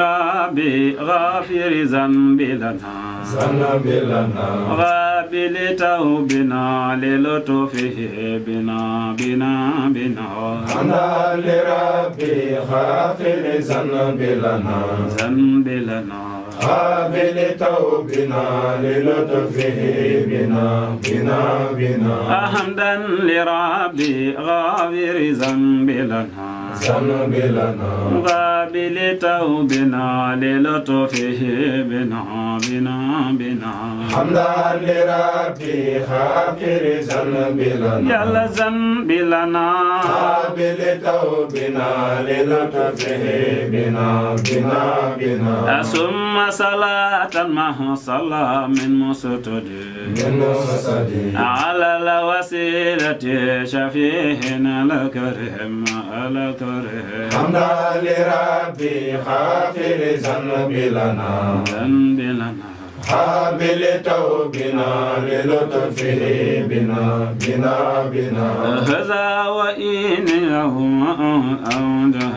ربي غافر ذنب لنا توبنا للطفه بنا بنا بنا أنا لربي غافر ذنب لنا ذنب لنا غافل توبنا للطفه بنا بنا بنا حمدا لربي غافر ذنب الذنب لنا قابل توبنا للطفه بنا بنا بنا حمدا لربي غافر ذنب لنا يا الذنب لنا قابل توبنا للطفه بنا بنا بنا ثم صلاة ما صلاة من مستد من مستد على الوسيلة شفيهنا لكرم على كره لربي غافر ذنب لنا ذنب لنا قابل توبنا للطفه بنا بنا بنا هذا وإن له أوده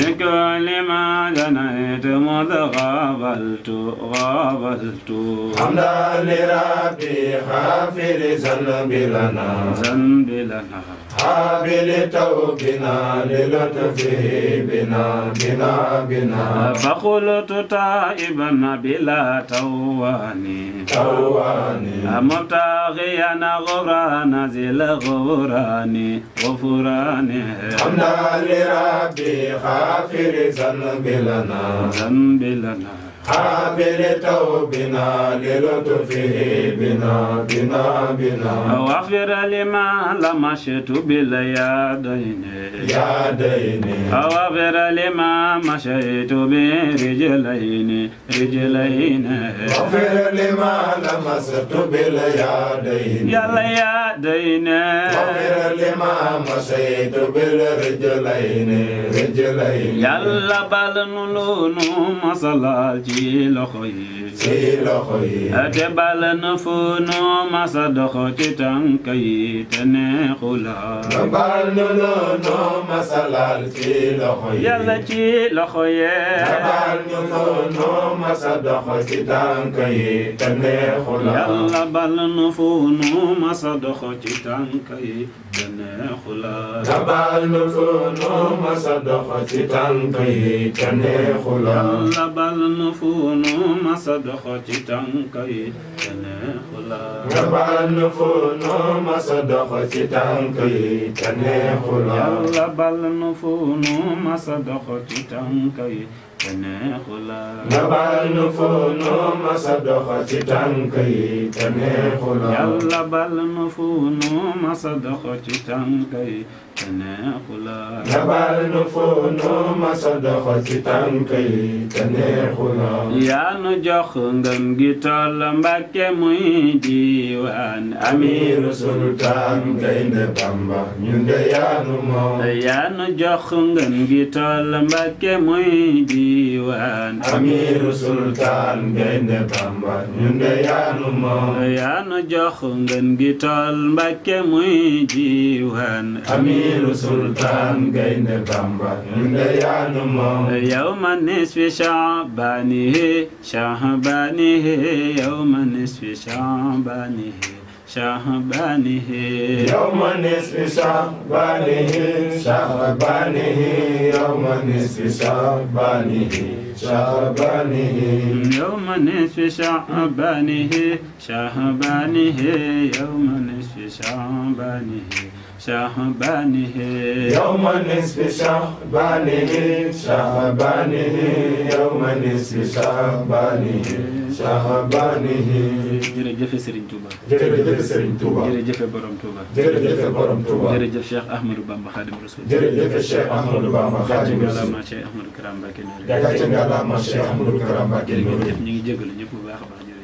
يقول ما جنيت مذ غابلت غابلت حمدا لربي غافر ذنب لنا ذنب لنا حابل توبنا للطفه بنا بنا بنا فقلت تائبا بلا تواني تواني مبتغيا غفران زل غفراني غفراني حمدا لربي غافر ذنب لنا ذنب لنا عابر توبنا للطفه بنا بنا بنا واغفر لما لمشت باليدين يدين واغفر لما مشيت برجلين رجلين واغفر لما لمست باليدين يدين واغفر لما مشيت بالرجلين رجلين يلا بل نلون مصلاتي ci loxo yi ci loxo yi te bal na fu nu masa dox yi te neexu la te bal na nu masa laal ci loxo yi yàlla ci loxo yee te bal na fu nu ma sa nu fuunu nu ma sa ci tànk yi te neexu la nu fuunu nu ma sa ci tànk yi te nga baal nu fu nu masa dox ci tànk yi te neexu la nu fu nu masa dox ci tànk yi te neexu la nga gi toll mbàkke muy diiwaan amiru sultaan gaynde bamba ñun de moom yaa nu jox gi toll mbàkke muy diiwaan diiwaan amiru sultaan gaynde bamba ñun de yaanu moom yaanu jox ngeen gi tool mbakke muy diiwaan amiru sultaan gaynde bamba ñun de yaanu moom yawma nisfi shaabanihi shaabanihi yawma nisfi shaabanihi شعبانه يوم نصف شعبانه شعبانه يوم نصف شعبانه شعبانه يوم نصف شعبانه شعبانه يوم نصف شعبانه شعبانه يوم نصف شعبانه شعبانه يوم نصف شعبانه shahbanihi jërëjëfe Serigne Touba jërëjëfe Serigne Touba jërëjëfe Borom Touba jërëjëfe Borom Touba jërëjëf Cheikh Ahmadou Bamba Khadim Rasoul jërëjëfe Cheikh Ahmadou Bamba Khadim Rasoul ma Cheikh Ahmadou Karam Mbacké Nouré jërëjëf ngala ma Cheikh Ahmadou Karam Mbacké Nouré ñu ngi jégalu ñëpp bu baax a baax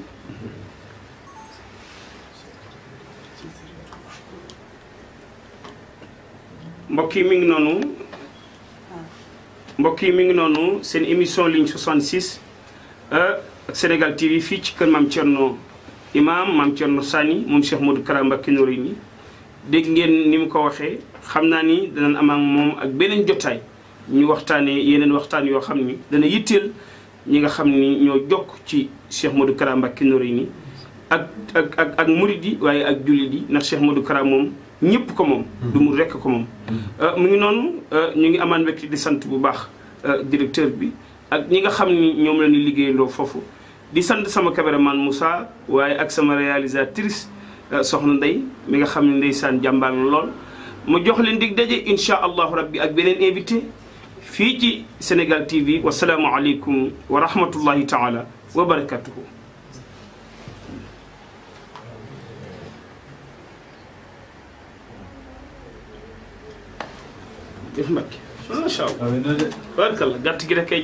mbokk yi mi ngi noonu mbokk yi mi ngi noonu seen émission ligne 66 euh Sénégal TV fii ci kër maam Thierno Imaam maam Thierno Sani moom Cheikh Modou Kara Mbacké Noreyni dégg ngeen ni mu ko waxee xam naa ni dana am ak moom ak beneen jotaay ñu waxtaanee yeneen waxtaan yoo xam ni dana yitteel ñi nga xam ni ñoo jokk ci Cheikh Modou Kara Mbacké Noreyni ak ak ak ak murid waaye ak jullit yi ndax Cheikh Modou Kara moom ñëpp ko moom. Hmm. du mu rekk ko moom. Hmm. Euh, mu ngi noonu euh, ñu ngi amaan mbégte di sant bu baax euh, directeur bi ak ñi nga xam ni ñoom la ñu liggéeyandoo foofu. di sant sama cameraman Moussa waaye ak sama réalisatrice soxna Ndey mi nga xam ne ndeysaan jàmbaar lool mu jox leen dig daje insha allahu rabbi ak beneen invité fii ci Sénégal TV wasalaamu alaykum wa rahmatullahi taala wa barakatuhu jërëjëf Mbacke macha allah barkalla gàtt gi rek kay